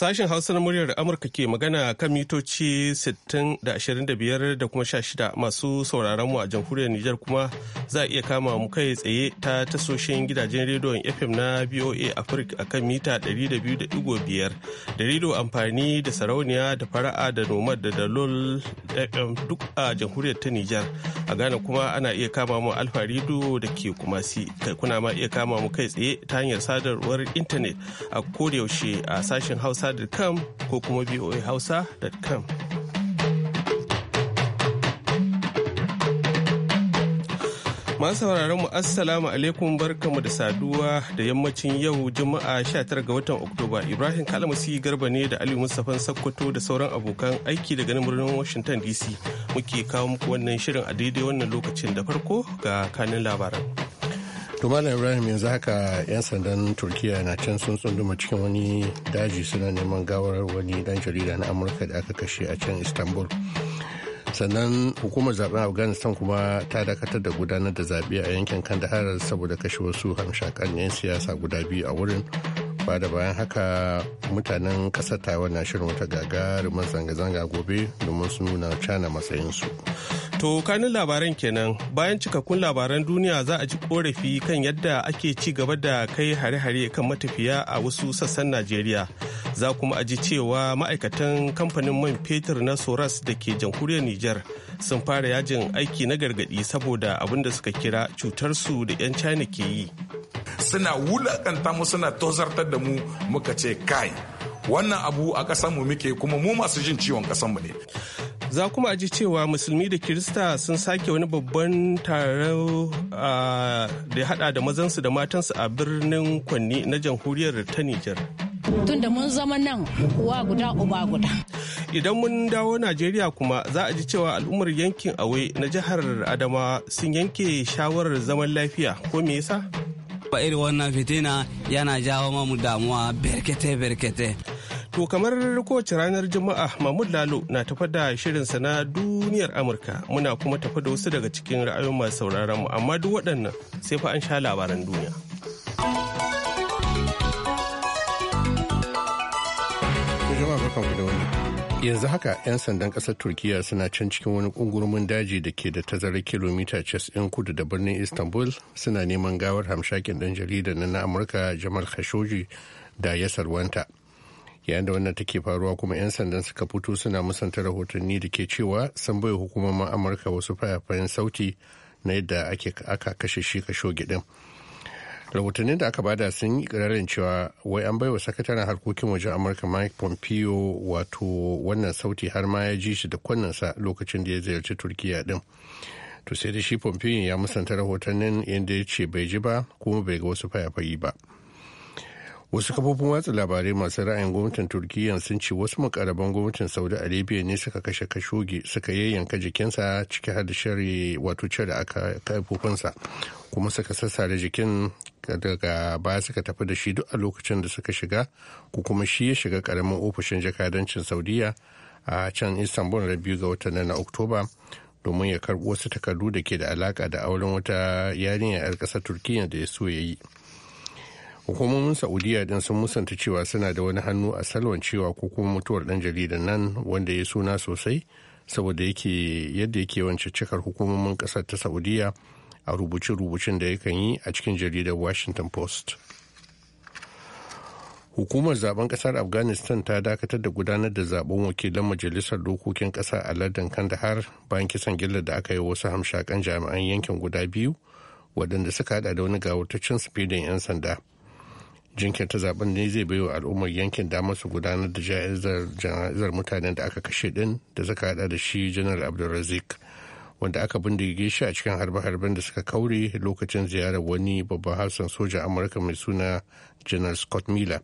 Sashen Hausa na muryar Amurka ke magana kan mitoci 60 da 25 da kuma 16 masu sauraron mu a jamhuriyar Nijar kuma za a iya kama mu kai tsaye ta tasoshin gidajen rediyon FM na BOA Africa a kan mita 200.5 da rediyo amfani da sarauniya da fara'a da nomad da dalol FM duk a jamhuriyar ta Nijar. A Ghana kuma ana iya kama mu Alfa da ke kuma si kai kuna ma iya kama mu kai tsaye ta hanyar sadarwar intanet a kodayaushe a sashen Hausa hausa.com ko kuma voa hausa.com. Masu sauraron mu assalamu alaikum barkamu da saduwa da yammacin yau juma'a 19 ga watan Oktoba. Ibrahim Kalmasi Garba ne da Ali Mustapha Sakkwato da sauran abokan aiki daga nan birnin Washington DC muke kawo muku wannan shirin a daidai wannan lokacin da farko ga kanin labaran. to malam ibrahim yanzu haka 'yan sandan turkiya na can sun tsunduma cikin wani daji suna neman gawar wani dan jarida na amurka da aka kashe a can istanbul sannan hukumar zaben afghanistan kuma ta dakatar da gudanar da zaɓe a yankin kandahar saboda kashe wasu hamshakan 'yan siyasa guda biyu a wurin ba da bayan haka mutanen ƙasar taiwan na shirin wata gagarumin zanga-zanga gobe domin su nuna cana matsayinsu. su To kanin labaran kenan bayan cikakkun labaran duniya za a ji korafi kan yadda ake ci gaba da kai hare-hare kan matafiya a wasu sassan Najeriya. Za kuma a ji cewa ma'aikatan kamfanin man fetur na Soras da ke jamhuriyar Nijar sun fara yajin aiki na gargadi saboda abin da suka kira cutar su da 'yan China ke yi. Suna wulakanta mu suna tozartar da mu muka ce kai wannan abu a ƙasarmu muke kuma mu masu jin ciwon ƙasarmu ne. za kuma aji cewa musulmi da kirista sun sake wani babban taro da hada da mazansu da matansu a birnin kwanni na jamhuriyar ta nijar tunda mun zama nan uwa guda uba guda idan mun dawo najeriya kuma za a ji cewa al'ummar yankin awe na jihar adama sun yanke shawarar zaman lafiya ko me yasa ba irin wannan fitina yana jawo mamu damuwa berkete berkete To kamar kowace ranar Juma'a Mahmud Lalo na tafa da shirinsa na duniyar Amurka muna kuma tafa da wasu daga cikin ra'ayoyin masu sauraron mu amma duk waɗannan sai fa an sha labaran duniya. Yanzu haka 'yan sandan ƙasar Turkiyya suna can cikin wani ƙungurumin daji da ke da tazarar kilomita 90 kudu da birnin Istanbul suna neman gawar hamshakin ɗan jarida na Amurka Jamal Khashoggi da ya sarwanta. yayin da wannan take faruwa kuma 'yan sandan suka fito suna musanta rahotanni da ke cewa sun bai hukumomin amurka wasu fayafayen sauti na yadda aka kashe shi shoge din rahotannin da aka bada sun yi kirarin cewa wai an baiwa sakataren harkokin wajen amurka mike pompeo wato wannan sauti har ma ya ji shi da kunnensa lokacin da ya ziyarci turkiya din to sai da shi pompeo ya musanta rahotannin inda ya ce bai ji ba kuma bai ga wasu fayafayi ba wasu kafofin watsa labarai masu ra'ayin gwamnatin turkiyya sun ce wasu makaraban gwamnatin saudi arabia ne suka kashe kashoge suka yayyanka jikinsa ciki har da shari wato da a kafofinsa kuma suka sassare jikin daga baya suka tafi da shi duk a lokacin da suka shiga ko kuma shi ya shiga karamin ofishin jakadancin saudiya a can istanbul na biyu ga watan na oktoba domin ya karbi wasu takardu da ke da alaka da auren wata yarinya 'yar ƙasar turkiyya da ya so ya yi hukumomin saudiya din sun musanta cewa suna da wani hannu a salwan cewa ko kuma mutuwar dan jaridan nan wanda ya suna sosai saboda yake yadda yake wance cikar hukumomin kasar ta saudiya a rubuce-rubucen da yakan yi a cikin jaridar washington post hukumar zaben kasar afghanistan ta dakatar da gudanar da zaben wakilan majalisar dokokin kasa a lardin kandahar bayan kisan gillar da aka yi wasu hamshakan jami'an yankin guda biyu waɗanda suka hada da wani gawurtaccen sufidin 'yan sanda jinkirta zaben ne zai baiwa al'ummar yankin damar su gudanar da jana'izar mutanen da aka kashe din da zaka hada da shi janar abdulrazik wanda aka bindige shi a cikin harbe-harben da suka kaure lokacin ziyarar wani babban hafsan soja amurka mai suna janar scott miller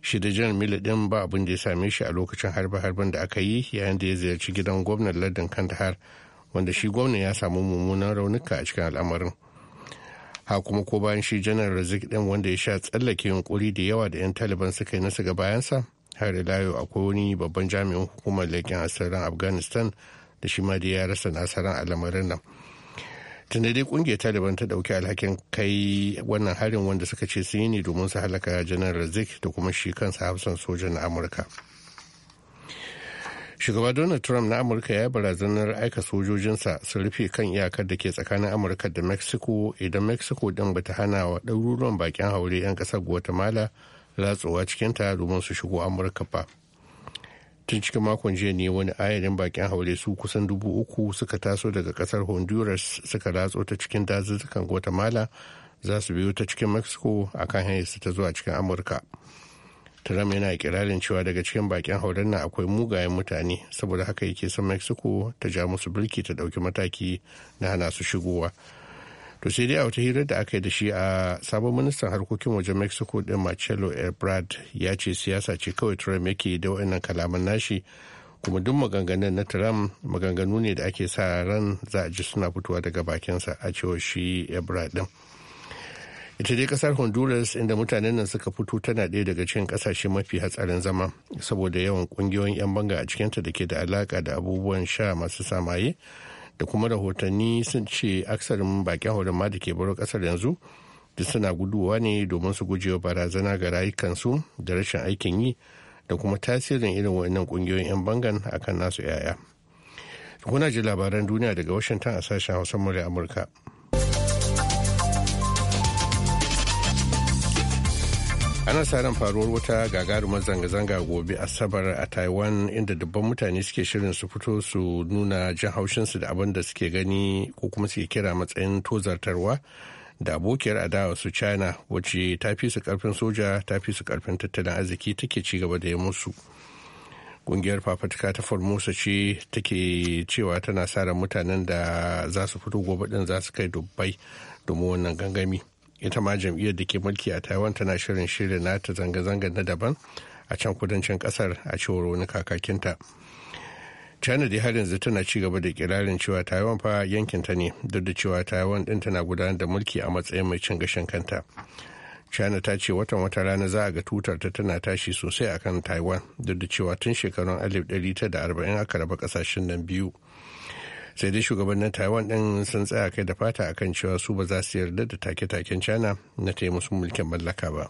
shi da janar miller din ba abin da ya same shi a lokacin harbe-harben da aka yi yayin da ya ziyarci gidan gwamnan lardin kandahar wanda shi gwamnan ya samu mummunan raunuka a cikin al'amarin ha kuma ko bayan shi janar razik din wanda ya sha tsallake yunkuri da yawa da 'yan taliban suka yi nasu ga bayansa har da yau akwai wani babban jami'in hukumar leƙen asirin afghanistan da shi ma da ya rasa nasarar al'amarin nan tunda dai kungiyar taliban ta dauki alhakin kai wannan harin wanda suka ce sun yi ne domin su halaka janar razik da kuma shi kansa hafsan sojan amurka shugaba donald trump na amurka ya barazanar aika sojojinsa su rufe kan iyakar da ke tsakanin amurka da mexico idan mexico din bata hana wa ɗaruruwan bakin haure 'yan ƙasar guatemala latsowa cikinta domin su shigo amurka ba tun cikin makon jiya ne wani ayarin bakin haure su kusan dubu uku suka taso daga ƙasar honduras suka latso ta cikin dazuzzukan guatemala za su biyo ta cikin mexico akan hanyar su ta zuwa cikin amurka Trump yana kirarin cewa daga cikin bakin hauren nan akwai mugayen mutane saboda haka yake son Mexico ta ja musu bulki ta dauki mataki na hana su shigowa. To sai dai a wata hirar da aka yi da shi a sabon ministan harkokin wajen Mexico din Marcelo Ebrard ya ce siyasa ce kawai Trump yake da wannan kalaman nashi kuma duk maganganun na Trump maganganu ne da ake sa ran za a ji suna fitowa daga bakinsa a cewa shi Ebrard din. ita dai kasar honduras inda mutanen nan suka fito tana ɗaya daga cikin ƙasashe mafi hatsarin zama saboda yawan ƙungiyoyin 'yan banga a cikinta da ke da alaƙa da abubuwan sha masu samaye da kuma rahotanni sun ce aksarin bakin horon ma da ke baro kasar yanzu duk suna guduwa ne domin su gujewa barazana ga rayukansu da rashin aikin yi da kuma tasirin irin wannan ƙungiyoyin 'yan bangan akan nasu 'ya'ya. Kuna ji labaran duniya daga Washington a sashen Hausa murya Amurka. ana sa faruwar wata gagarumar zanga-zanga gobe asabar a taiwan inda dubban mutane suke shirin su fito su nuna jin haushinsu da abin da suke gani ko kuma suke kira matsayin tozartarwa da abokiyar adawa su china wacce ta fi su karfin soja ta fi su karfin tattalin arziki take ci gaba da ya musu kungiyar fafatuka ta formosa ce take cewa tana sa mutanen da za su fito gobe din za su kai dubbai domin wannan gangami ita ma jam'iyyar da ke mulki a taiwan tana shirin shirin nata zanga-zanga na daban a can kudancin kasar a cewar wani kakakinta china dai har yanzu tana ci gaba da kirarin cewa taiwan fa ta ne duk da cewa taiwan din tana gudanar da mulki a matsayin mai cin gashin kanta china ta ce watan wata rana za a ga tutar ta tana tashi sosai akan taiwan duk da cewa tun shekarun 1940 aka raba kasashen nan biyu sai dai shugabannin taiwan din sun tsaya kai da fata akan cewa su ba za su yarda da take-taken china na taya musu mulkin mallaka ba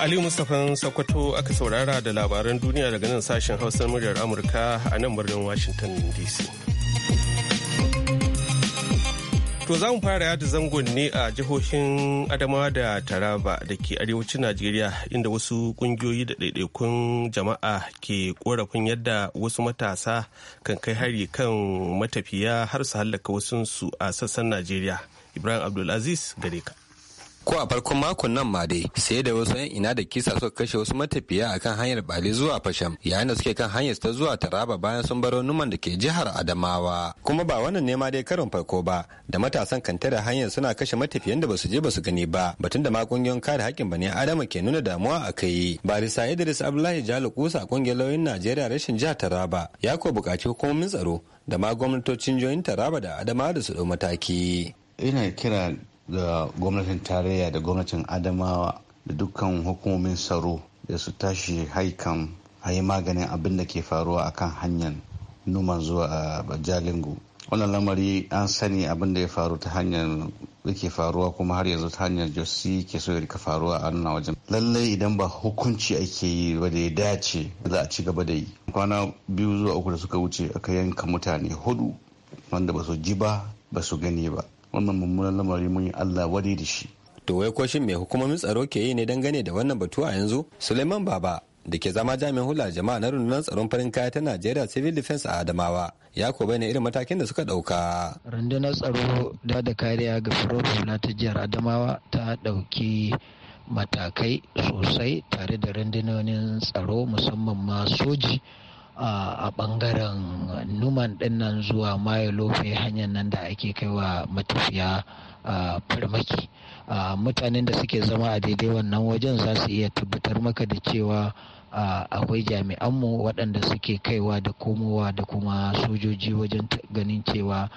ali mustapha sakwato aka saurara da labaran duniya daga nan sashen hausar muryar amurka a nan birnin washington dc To za mu fara yada zangon ne a jihohin Adamawa da Taraba da ke arewacin Najeriya inda wasu kungiyoyi da ɗaiɗaikun jama'a ke korafin yadda wasu matasa kan kai hari kan matafiya har su hallaka wasunsu a sassan Najeriya. Ibrahim Abdulaziz Gareka. ko a farkon makon nan ma dai sai da wasu yan ina da kisa suka kashe wasu matafiya a kan hanyar bali zuwa fasham yayin da suke kan hanyar ta zuwa taraba bayan sun baro numan da ke jihar adamawa kuma ba wannan ne ma dai karin farko ba da matasan kanta da hanyar suna kashe matafiyan da basu je basu gani ba batun da ma kungiyoyin kare haƙƙin bani adama ke nuna damuwa a kai risa idris abdullahi jalo kusa kungiyar lauyin najeriya rashin jihar taraba ya ko buƙaci hukumomin tsaro da ma gwamnatocin jihohin taraba da adamawa da su dau mataki ina kira ga gwamnatin tarayya da gwamnatin adamawa da dukkan hukumomin tsaro da su tashi haikan a yi maganin abin da ke faruwa a kan hanyar numan zuwa a jalingo wannan lamari an sani abin da ya faru ta hanyar yake faruwa kuma har yanzu ta hanyar josi ke so ya rika faruwa a nuna wajen lallai idan ba hukunci ake yi ba da ya dace za a ci gaba da yi kwana biyu zuwa uku da suka wuce aka yanka mutane hudu wanda ba su ji ba ba su gani ba wannan mummunan lamari mun yi allah wadai da shi to wai koshin mai hukumomin tsaro ke yi ne dangane da wannan batu a yanzu suleiman baba da ke zama jami'in hula jama'a na rundunar tsaron farin kaya ta najeriya civil defense a adamawa ya ko bayyana irin matakin da suka dauka rundunar tsaro da da kariya ga firar hula ta jihar adamawa ta dauki matakai sosai tare da rundunonin tsaro musamman ma soji a bangaren numan din nan zuwa mayo lofe hanyar nan da ake kaiwa matafiya farmaki mutanen da suke zama a daidai wannan wajen za su iya tabbatar maka da cewa akwai jami'anmu waɗanda suke kaiwa da komowa da kuma sojoji wajen ganin cewa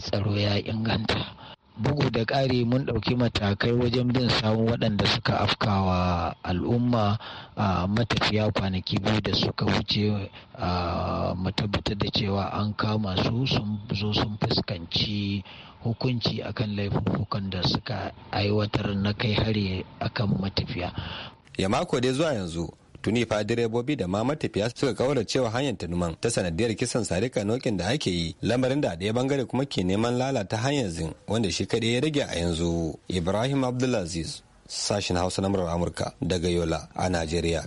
tsaro ya inganta. bugu da ƙari mun ɗauki matakai wajen bin samu waɗanda suka afkawa al'umma a matafiya kwanaki biyu da suka wuce a mu da cewa an kama su sun zo sun fuskanci hukunci akan laifukan da suka aiwatar na kai hari akan matafiya ya mako dai zuwa yanzu tuni fa direbobi da ma matafiya suka kaura cewa hanyar ta numan ta sanadiyar kisan sarika nokin da ake yi lamarin da a ɗaya bangare kuma ke neman lalata hanyar zin wanda shi kaɗai ya rage a yanzu ibrahim abdulaziz sashin hausa na murar amurka daga yola a najeriya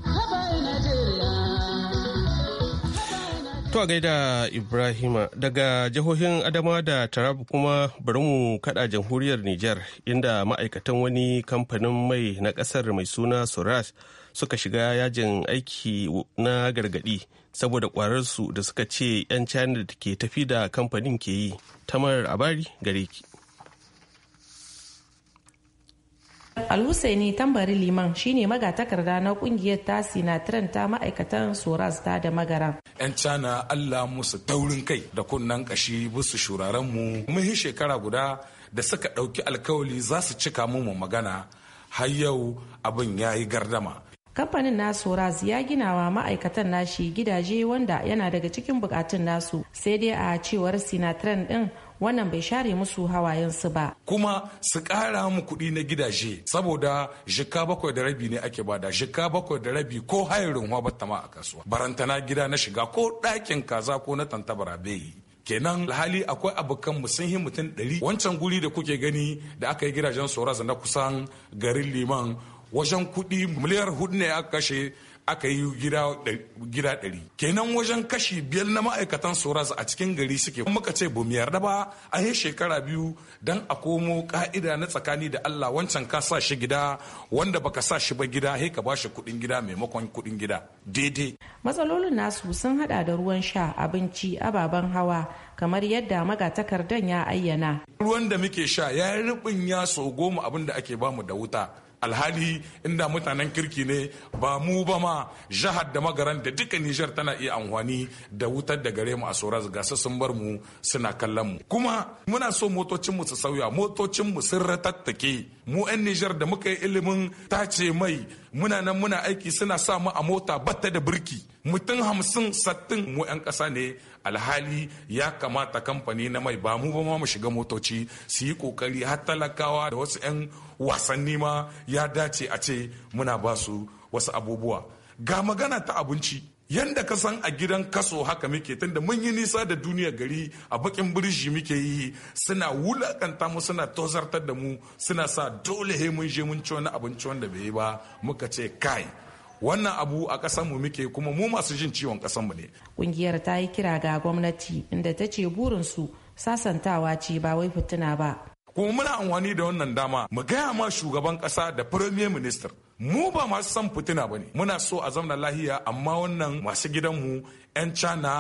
To a gaida Ibrahima daga jihohin Adama da Taraba kuma bari mu kada jamhuriyar niger inda ma'aikatan wani kamfanin mai na kasar mai suna Soras suka shiga yajin aiki na gargadi saboda kwararsu da suka ce 'yan China da ke tafi da kamfanin ke yi. Tamar Abari gare ki. al alhusaini tambari liman shine magatakarda na kungiyar tasi na ta ma'aikatan soras ta da magara yan cana allah musu taurin kai da kunnen kashi busu shuraren mu muhin shekara guda da suka ɗauki alkawali za su cika mu magana har yau abin ya yi gardama kamfanin nasu ras ya gina wa ma'aikatan nashi gidaje wanda yana daga cikin bukatun nasu sai dai a cewar sinatran din wannan bai share musu hawayensu ba kuma su ƙara mu kuɗi na gidaje saboda jika bakwai da rabi ne ake bada jika bakwai da rabi ko hayarin ta ma a kasuwa barantana gida na shiga ko ɗakin kaza ko na tantabara bai kenan alhali akwai abokan mu sun mutum ɗari wancan guri da kuke gani da aka yi gidajen soraza na kusan garin liman wajen kuɗi miliyar hudu ne aka kashe aka yi gida ɗari kenan wajen kashi biyar na ma'aikatan sauransu a cikin gari suke muka ce bu yarda ba a yi shekara biyu don a komo ka'ida na tsakani da allah wancan ka sa shi gida wanda baka sa shi ba gida he ka bashi kuɗin gida maimakon kuɗin gida daidai matsalolin nasu sun haɗa da ruwan sha abinci ababen hawa kamar yadda magatakardan ya ayyana ruwan da muke sha ya yi rubin ya so goma abin da ake bamu da wuta alhali inda mutanen kirki ne ba mu ba ma jihar da magaran da duka nijar tana iya amfani da wutar da gare mu a soras gasa sun bar mu suna kallon mu kuma muna so motocin mu su sauya motocin mu sun ratattake mu 'yan nijar da muka yi ilimin tace mai muna nan muna aiki suna sa mu a mota batta da birki mutum hamsin sattin mu 'yan ƙasa ne alhali ya kamata kamfani na mai ba mu ba ma mu shiga motoci su yi kokari har talakawa da wasu 'yan wasanni ma ya dace a ce muna ba su wasu abubuwa ga magana ta abinci yanda ka san a gidan kaso haka muke tunda mun yi nisa da duniya gari a bakin birji muke yi suna wulakanta mu suna tozartar da mu suna sa dole he mun je mun ci wani abinci wanda bai yi ba muka ce kai wannan abu a ƙasar muke kuma mu masu jin ciwon ƙasar mu ne kungiyar ta yi kira ga gwamnati inda ta ce burin su sasantawa ce ba wai fitina ba kuma muna amfani da wannan dama mu gaya ma shugaban kasa da premier minister mu ba masu son fitina ba ne muna so a zamna lahiya amma wannan masu gidanmu 'yan cana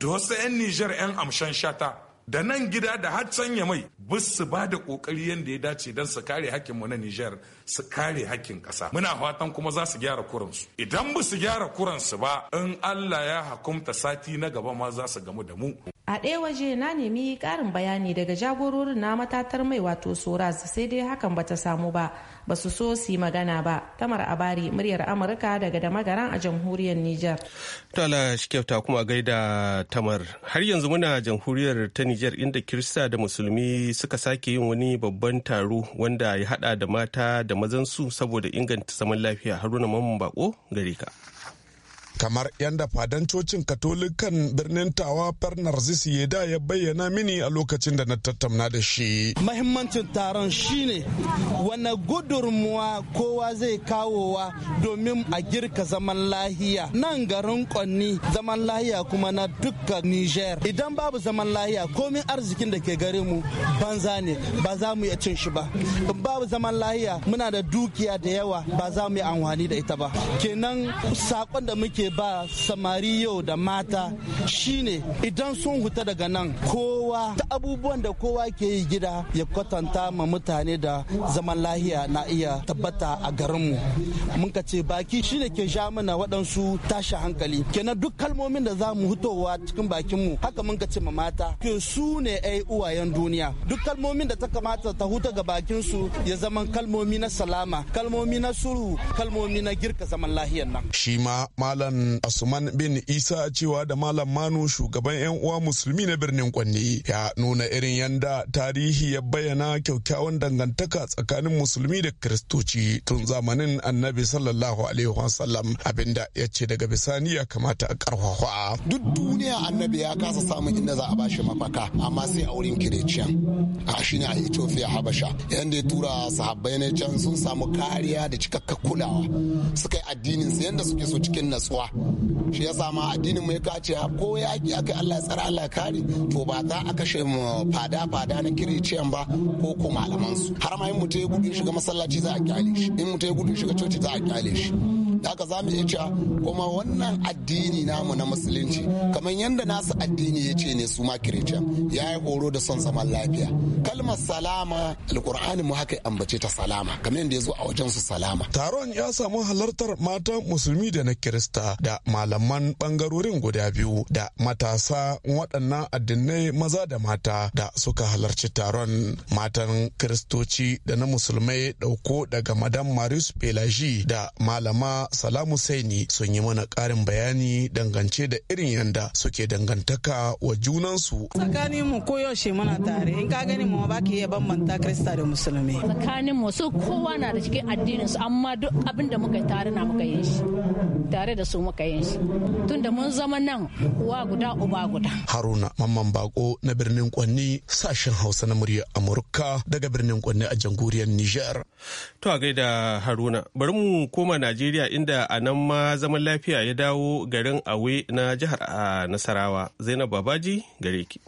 da wasu 'yan nijar 'yan amshan shata da nan gida da har ya mai bisu ba da kokari yadda ya dace don su kare hakkin mu na Nijar su kare hakkin kasa muna fatan kuma za su gyara kuransu idan ba su gyara kuransu ba in Allah ya hakumta sati na gaba ma za su gamu da mu a ɗaya waje na nemi ƙarin bayani daga jagororin na matatar mai wato soras sai dai hakan ba ta samu ba ba su so su yi magana ba tamar abari muryar amurka daga da magaran a jamhuriyar niger tala shikefta kuma gaida tamar har yanzu muna jamhuriyar ta niger inda kirista da musulmi suka sake yin wani babban taro wanda ya hada da mata da mazan su saboda inganta zaman lafiya haruna mamman bako gare ka kamar yadda fadancocin katolikan birnin tawa ya da ya bayyana mini a lokacin da na tattauna da shi mahimmancin taron shine wane gudurmuwa kowa zai kawowa domin a girka zaman lahiya nan garin kwanni zaman lahiya kuma na dukkan niger idan babu zaman lahiya komin arzikin da ke gare mu banza ne ba za mu iya cin shi ba babu zaman lahiya muna da dukiya da yawa ba za mu yi amfani da ita ba kenan sakon da muke nake ba samari yau da mata shine idan sun huta daga nan kowa ta abubuwan da kowa ke yi gida ya kwatanta ma mutane da zaman lahiya na iya tabbata a garinmu mun ka ce baki shine ke sha mana waɗansu tashi hankali kenan duk kalmomin da za mu hutowa cikin bakinmu haka mun ka ce ma mata ke su ne ai uwayen duniya duk kalmomin da ta kamata ta huta ga bakinsu ya zama kalmomi na salama kalmomi na suru kalmomi na girka zaman lahiyar nan shi ma malam Usman Asuman bin Isa cewa da Malam Manu shugaban 'yan uwa musulmi na birnin Kwanne ya nuna irin yanda tarihi ya bayyana kyakkyawan dangantaka tsakanin musulmi da kiristoci tun zamanin annabi sallallahu alaihi wasallam abinda ya ce daga bisani ya kamata a karfafa. Duk duniya annabi ya kasa samun inda za a bashi mafaka amma sai a wurin kiriciyan a ne a Ethiopia Habasha yanda ya tura sahabbai ne can sun samu kariya da cikakka kulawa suka yi addinin su yanda suke so cikin natsuwa ba shi yasa ma addinin mai kace ko yaki aka Allah tsara Allah ya kare to ba za a kashe mu fada fada na kiriciyan ba ko ko malaman su har ma in mutai gudu shiga masallaci za a kyale shi in mutai gudu shiga coci za a kyale shi haka za mu iya cewa kuma wannan addini namu na musulunci kamar yadda nasu addini ya ce ne su ma kiristiyan ya yi horo da son zaman lafiya kalmar salama alkur'ani mu haka ambace ta salama kamar yadda ya zo a wajen su salama taron ya samu halartar matan musulmi da na kirista da malaman bangarorin guda biyu da matasa waɗannan addinai maza da mata da suka halarci taron matan kiristoci da na musulmai dauko daga madam marius pelagi da malama Salamu Saini sun yi mana ƙarin bayani dangance da irin yanda suke dangantaka wa junansu. Tsakanin mu ko yaushe muna tare in ka gani mu ba ki iya bambanta Kirista da Musulmi. Tsakanin mu su kowa na da cikin addinin su amma duk abin da muka tare na muka yin shi tare da su muka yin shi tunda mun zama nan uwa guda uba guda. Haruna Mamman Bako na birnin Kwanni sashen Hausa na murya Amurka daga birnin Kwanni a jamhuriyar Niger. To a gaida Haruna bari mu koma Najeriya in inda a nan ma zaman lafiya ya dawo garin awe na jihar a ah, nasarawa zainab babaji gare ki.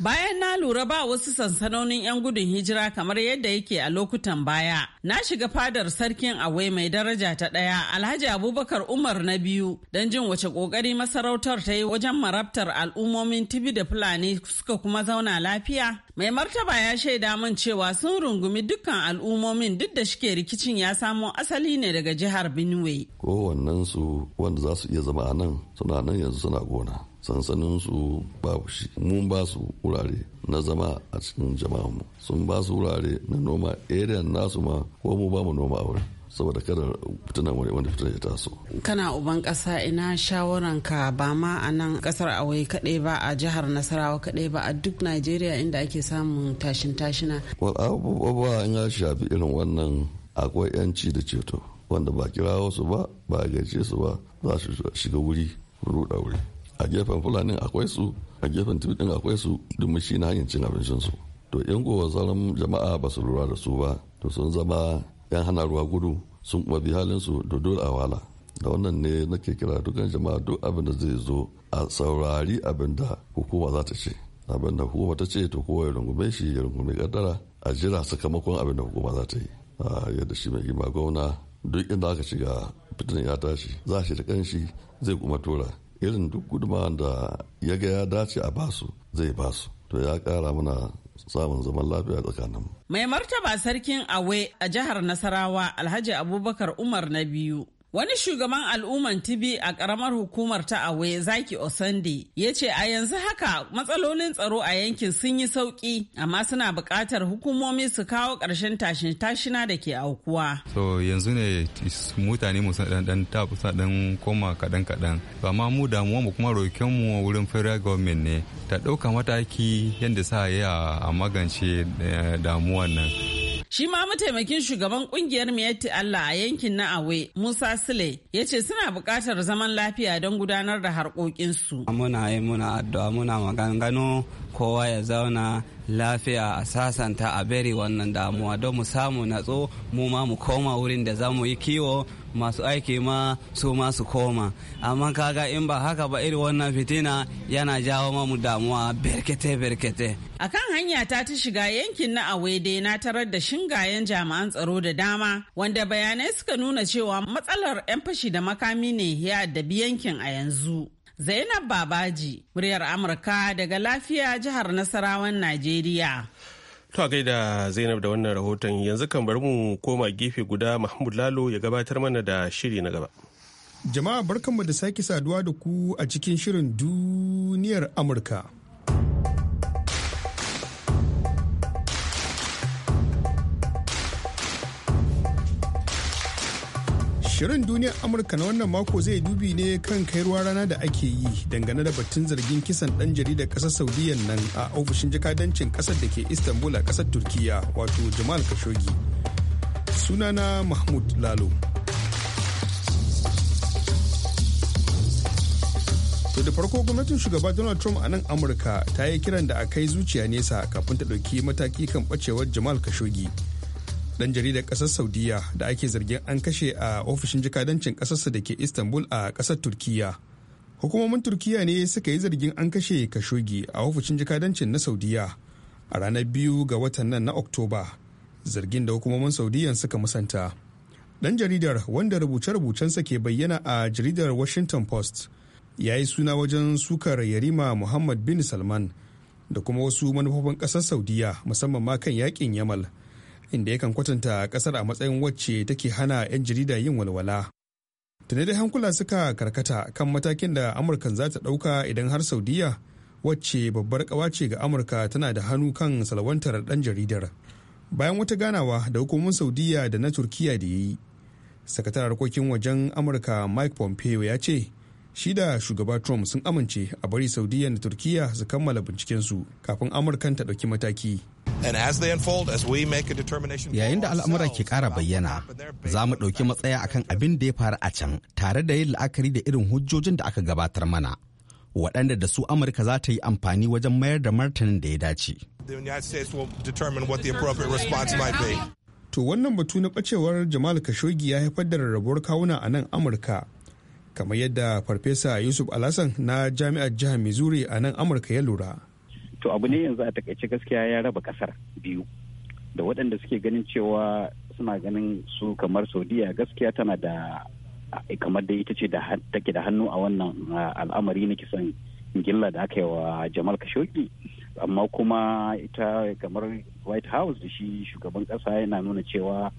Bayan na lura ba wasu sansanonin 'yan gudun hijira kamar yadda yake a lokutan baya, na shiga fadar sarkin awai mai daraja ta ɗaya Alhaji Abubakar Umar na biyu don jin wace ƙoƙari masarautar ta yi wajen marabtar al'ummomin Tibi da Fulani suka kuma zauna lafiya. Mai martaba ya shaida min cewa sun rungumi dukkan al'ummomin duk da shike rikicin ya samo asali ne daga jihar Benue. Kowannensu, su wanda za su iya zama a nan suna nan yanzu suna gona. sansaninsu babu shi mun ba su wurare na zama a cikin jama'anmu sun ba su wurare na noma area nasu ma ko mu ba mu noma a wurin saboda kada fitinan wani wanda fitinan ya taso. kana uban kasa ina shawaranka ba ma a nan kasar awai kaɗai ba a jihar nasarawa kaɗai ba a duk najeriya inda ake samun tashin tashina. wal abubuwa in ya shafi irin wannan akwai yanci da ceto wanda ba kira wasu ba ba gaishe su ba za su shiga wuri ruɗa wuri. a gefen fulani akwai su a gefen tudin akwai su duk shi na hanyar cin abincin su to yan gowa zaren jama'a ba su lura da su ba to sun zama yan hana ruwa gudu sun kuma bi halin su da dole a wala da wannan ne nake kira dukkan jama'a duk abin da zai zo a saurari abin da hukuma za ta ce abin da hukuma ta ce to kowa ya rungume shi ya rungume kaddara a jira sakamakon abin da hukuma za ta yi yadda shi mai gima gwamna duk inda aka shiga fitinin ya tashi za shi da kanshi zai kuma tura irin duk gudunmawar da ya ga ya dace a basu zai basu to ya kara mana samun zaman lafiya tsakanin mai martaba sarkin awe a jihar nasarawa alhaji abubakar umar na biyu Wani shugaban al'umman tibi a ƙaramar hukumar ta Awe Zaki Osande ya ce a yanzu haka matsalolin tsaro a yankin sun yi sauƙi amma suna buƙatar hukumomi su kawo ƙarshen tashin tashina da ke aukuwa. So yanzu ne mutane mu dan dan koma kaɗan kaɗan amma mu damuwa mu kuma roƙen mu wurin federal government ne ta ɗauka mataki yadda sa ya a magance eh, damuwan nan. Shi ma mataimakin shugaban kungiyar Miyatti Allah a yankin na Awe, Musa Sule, ya ce suna buƙatar zaman lafiya don gudanar da harkokinsu. Muna yi muna addu'a muna maganganu kowa ya zauna lafiya a sasanta a bari wannan damuwa don mu samu natso mu ma mu koma wurin da za mu yi kiwo masu aiki ma su masu koma amma kaga in ba haka ba irin wannan fitina yana jawo mamu damuwa berkete berkete kan hanya ta ta shiga yankin na awede na tarar da shingayen jami'an tsaro da dama wanda bayanai suka nuna cewa matsalar 'yan fashi da makami ne ya addabi yankin a yanzu zainab babaji muryar amurka daga lafiya jihar nasarawan najeriya To a gaida Zainab da wannan rahoton yanzu kan bari mu koma gefe guda Mahmud Lalo ya gabatar mana da shiri na gaba. Jama'a barkanmu da sake saduwa da ku a cikin shirin duniyar Amurka. Shirin duniyar Amurka na wannan mako zai dubi ne kan kairuwa rana da ake yi dangane da batun zargin kisan dan jaridar kasar Saudiyan nan a ofishin jakadancin kasar da ke Istanbul a kasar Turkiya wato Jamal Khashoggi. Sunana Mahmud Lalo. To da farko gwamnatin shugaba Donald Trump a nan Amurka ta yi kiran da a kai zuciya nesa kafin ta ɗauki mataki kan ɓacewar Jamal Khashoggi. dan jaridar kasar saudiya da ake zargin an kashe a ofishin jikadancin kasarsa da ke istanbul a kasar turkiya hukumomin turkiya ne suka yi zargin an kashe kashogi a ofishin jikadancin na saudiya a ranar biyu ga watan nan na oktoba zargin da hukumomin saudiyan suka musanta dan jaridar wanda rubuce-rubucensa ke bayyana a jaridar washington post ya yi suna wajen sukar yarima muhammad bin salman da kuma wasu manufofin kasar saudiya musamman ma kan yakin yamal inda yakan kwatanta kasar a matsayin wacce take hana 'yan jarida yin walwala Tune dai hankula suka karkata kan matakin da amurkan za ta ɗauka idan har saudiya wacce babbar ce ga amurka tana da hannu kan salwantar ɗan jaridar bayan wata ganawa da hukumomin saudiya da na turkiyya da ya yi sakataren harkokin wajen amurka mike pompeo ya ce shi da shugaba trump sun amince a bari saudiya da turkiyya su kammala bincikensu kafin amurkan ta ɗauki mataki Yayin da al'amura ke kara bayyana, za mu ɗauki matsaya akan abin da ya faru a can tare da yin la'akari da irin hujjojin da aka gabatar mana, waɗanda da su Amurka za ta yi amfani wajen mayar da martanin da ya dace. To wannan batu na ɓacewar Jamal Khashoggi ya haifar da rarrabuwar kawuna a nan Amurka, kamar yadda Farfesa Yusuf Alasan na Jami'ar Jihar Missouri a nan Amurka ya lura. to abu ne yanzu a takaice gaskiya ya raba kasar biyu da waɗanda suke ganin cewa suna ganin su kamar saudiya gaskiya tana da kamar da ita ce da take da hannu a wannan al'amari na kisan gilla da aka yi wa jamal khashoggi amma kuma ita kamar white house da shi shugaban kasa yana nuna cewa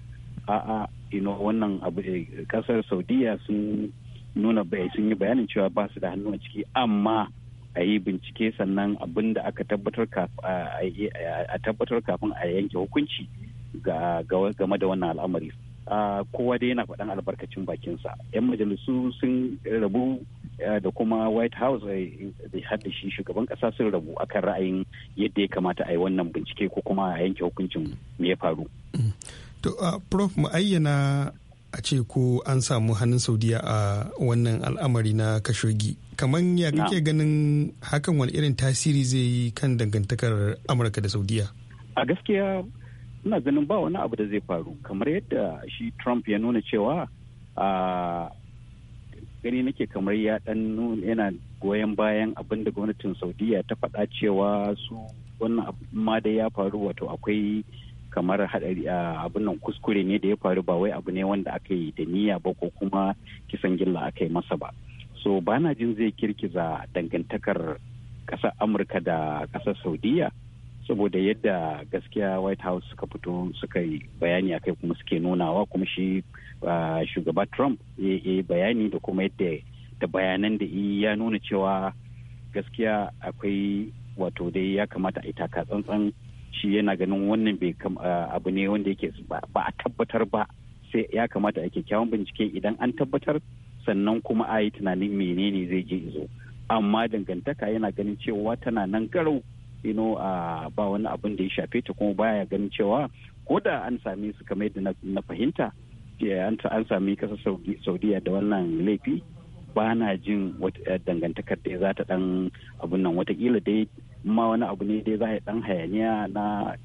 a'a ino wannan abu kasar eh, saudiya sun nuna sun yi bayanin cewa ba su da hannu a ciki amma a yi bincike sannan abin da aka tabbatar kafin a yanke hukunci game da wannan al'amari kowa dai yana faɗan albarkacin bakinsa 'yan majalisu sun rabu da kuma white house eh, da shi shugaban ƙasa sun rabu akan ra'ayin yadda ya kamata a yi wannan bincike ko kuma a yanke hukuncin me ya faru to prof mu ayyana a ce ko an samu hannun saudiya a wannan al'amari na kashogi kaman ya kake ganin hakan wani irin tasiri zai yi kan dangantakar amurka da saudiya a gaskiya ina ganin ba wani abu da zai faru kamar yadda shi trump ya nuna cewa a gani nake kamar ya dan yana goyon bayan abin da gwamnatin saudiya ta faɗa cewa su wannan ma da ya faru wato akwai kamar hadari abin nan kuskure ne da ya faru ba wai abu ne wanda aka yi da niyya ba ko kuma kisan gilla aka yi masa ba so ba na jin zai kirkiza dangantakar ƙasar amurka da ƙasar saudiya saboda yadda gaskiya white house suka fito suka yi bayani akai kuma suke nunawa kuma shi shugaba trump ya yi bayani da kuma yadda da bayanan da ya nuna cewa gaskiya akwai wato dai ya kamata a taka tsantsan shi yana ganin wannan bai abu ne wanda yake ba a tabbatar ba sai ya kamata a kyakkyawan bincike idan an tabbatar sannan kuma a yi tunanin menene zai je izo amma dangantaka yana ganin cewa tana nan garau ino a ba wani abin da ya shafe ta kuma baya ganin cewa ko da an sami su kamar yadda na fahimta an sami kasa saudiya da wannan laifi ba na jin eh, dangantakar da za ta dan abun nan watakila dai ma wani abu ne dai za a dan hayaniya na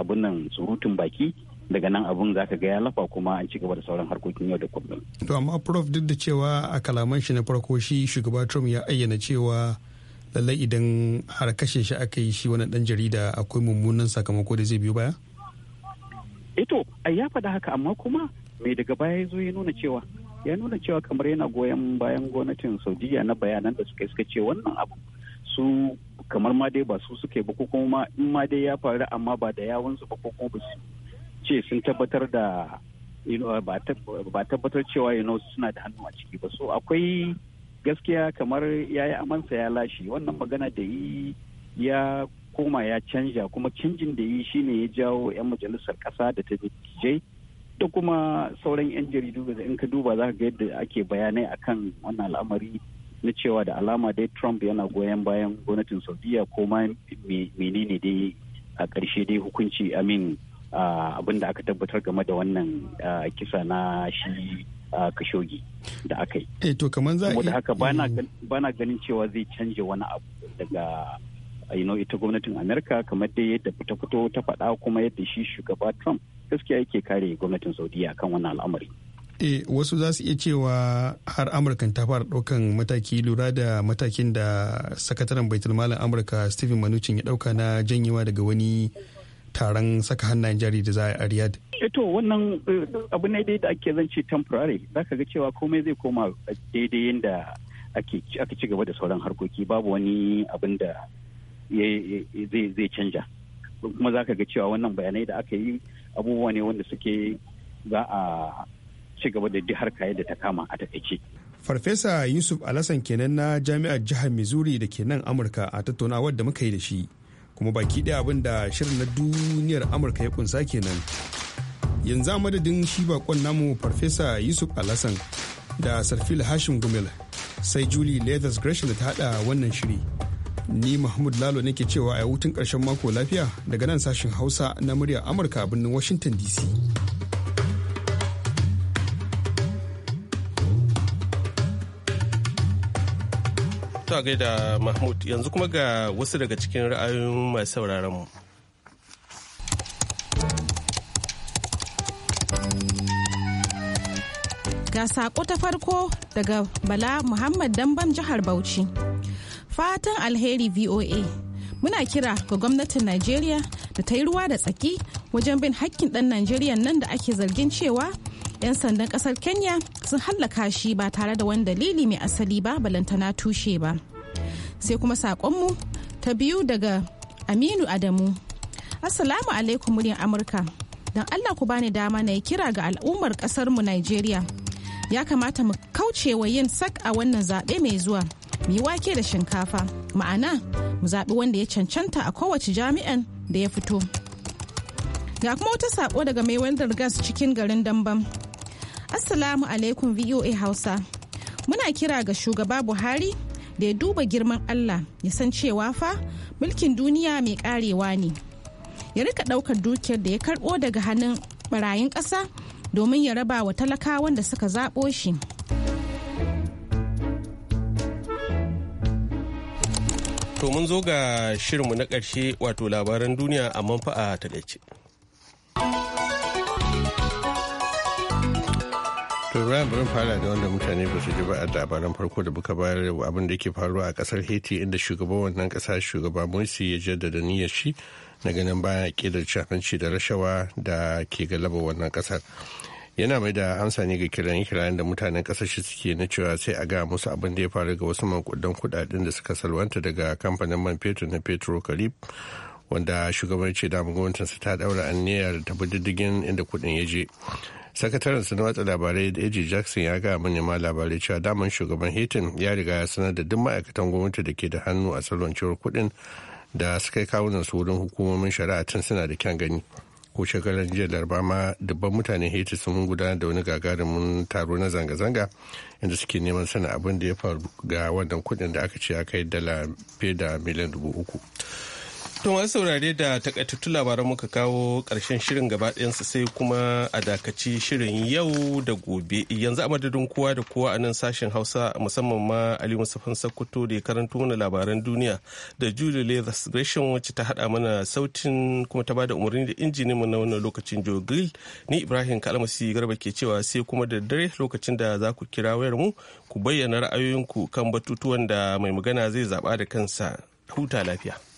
abun nan surutun baki daga nan abun za ka ga ya lafa kuma an ci gaba da sauran harkokin yau da kullum. To amma prof duk da cewa a kalaman shi na farko shi shugaba Trump ya ayyana cewa lallai idan har kashe shi aka yi shi wani dan jarida akwai mummunan sakamako da zai biyo baya? Ito, eh ai ya faɗa haka amma kuma mai daga baya ya zo ya nuna cewa ya nuna cewa kamar yana goyon bayan gwamnatin Saudiya na bayanan da suka suka ce wannan abu su kamar ma dai ba su suke ba ko kuma in ma dai ya faru amma ba da yawansu ba ko kuma ce sun tabbatar da ba tabbatar cewa yunus suna da hannu a ciki ba so akwai gaskiya kamar ya yi amansa ya lashe wannan magana da yi ya koma ya canja kuma canjin da yi shine ya jawo 'yan majalisar ƙasa da ta je da kuma sauran 'yan jaridu da in ka duba za ka ga yadda ake bayanai akan wannan al'amari na cewa da alama dai trump yana goyon bayan gwamnatin saudiya ko ma menene dai a ƙarshe dai hukunci amin abin da aka tabbatar game da wannan kisa na shi kashogi da aka yi. Eh to kamar za a haka bana mm. ganin cewa zai canja wani abu daga you know, ita gwamnatin Amerika kamar da yadda fita fito ta faɗa kuma yadda shi shugaba Trump gaskiya yake kare gwamnatin Saudiya kan wannan al'amari. Eh wasu za su iya cewa har amurka ta fara ɗaukan mataki lura da matakin da sakataren baitulmalin Amurka Stephen Manuchin ya ɗauka na janyewa daga wani taron saka hannayen jari da za a riyad eto eh, wannan eh, abu ne dai da ake zance temporary za ka ga cewa komai zai koma daidai yadda aka ci gaba da sauran harkoki babu wani abin da zai canja kuma za ka ga cewa wannan bayanai da aka yi abubuwa ne wanda suke za a ci gaba da duk harka yadda ta kama a takaice farfesa yusuf alasan kenan na jami'ar jihar missouri da ke nan amurka a tattaunawar da muka yi da shi kuma baki ɗaya abin da shirin na duniyar amurka ya kunsa kenan yanzu a madadin shi bakon namu farfesa yusuf alasan da sarfil hashim gumel sai julie leathers gresham da ta hada wannan shiri ni mahmud lalo ne ke cewa a hutun karshen mako lafiya daga nan sashen hausa na muryar amurka birnin washington dc To a gaida Mahmud yanzu kuma ga wasu daga cikin ra'ayoyin masu sauraron mu. Ga saƙo ta farko daga Bala Muhammad Damban jihar Bauchi. Fatan alheri VOA. Muna kira ga gwamnatin Najeriya da ta yi ruwa da tsaki wajen bin hakkin ɗan Najeriya nan da ake zargin cewa 'yan sandan kasar kenya sun hallaka shi ba tare da wani dalili mai asali ba balantana tushe ba sai kuma saƙonmu ta biyu daga aminu adamu assalamu alaikum muryar amurka don allah ku bani dama na yi kira ga al'ummar ƙasarmu nigeria ya kamata mu kauce wa yin sak a wannan zaɓe mai zuwa mu yi wake da shinkafa ma'ana mu zaɓi wanda ya cancanta a kowace jami'an da ya fito ga kuma wata saƙo daga mai wandar gas cikin garin dambam Assalamu alaikum VOA Hausa. Muna kira ga shugaba Buhari da ya duba girman Allah ya san cewa fa mulkin duniya mai karewa ne. Ya rika ɗaukar dukiyar da ya karɓo daga hannun barayin ƙasa domin ya raba wa talakawan da suka zaɓo shi. To mun zo ga shirinmu na ƙarshe wato labaran duniya amma fa a taƙaice. Ibrahim barin fara da wanda mutane ba su ji ba a labaran farko da buka bayar abin da ke faruwa a kasar Haiti inda shugaban wannan kasa shugaba Morsi ya jaddada niyyar shi na ganin baya kidar cafanci da rashawa da ke galaba wannan kasar. Yana mai da amsa ne ga kiran kiran da mutanen kasar shi suke na cewa sai a ga musu abin da ya faru ga wasu mankudan kudaden da suka salwanta daga kamfanin man fetur na Petro karib wanda shugaban ce damu gwamnatinsa ta daura aniyar ta bi diddigin inda kudin ya je. sakataren su na watsa labarai da eji jackson ya gaya ma labarai cewa daman shugaban hitin ya riga ya sanar da duk ma'aikatan gwamnati da ke da hannu a cewar kuɗin da suka kai kawunan su wurin hukumomin shari'a tun suna da kyan gani ko shekarar jiya laraba ma dubban mutane haiti sun gudanar da wani gagarumin taro na zanga-zanga inda suke neman sana abin da ya faru ga wannan kuɗin da aka ce ya kai dala fiye da miliyan dubu uku To masu saurare da takaitattun labaran muka kawo karshen shirin gaba ɗayansa sai kuma a dakaci shirin yau da gobe. Yanzu a madadin kowa da kowa a nan sashen Hausa musamman ma Ali Musafan Sokoto da ya karanto mana labaran duniya da Julie Leathers Gresham wacce ta haɗa mana sautin kuma ta bada umarni da injinin mu na wannan lokacin Joe Grill. Ni Ibrahim Kalmasi Garba ke cewa sai kuma da dare lokacin da za ku kira wayar mu ku bayyana ra'ayoyinku kan batutuwan da mai magana zai zaɓa da kansa. Huta lafiya.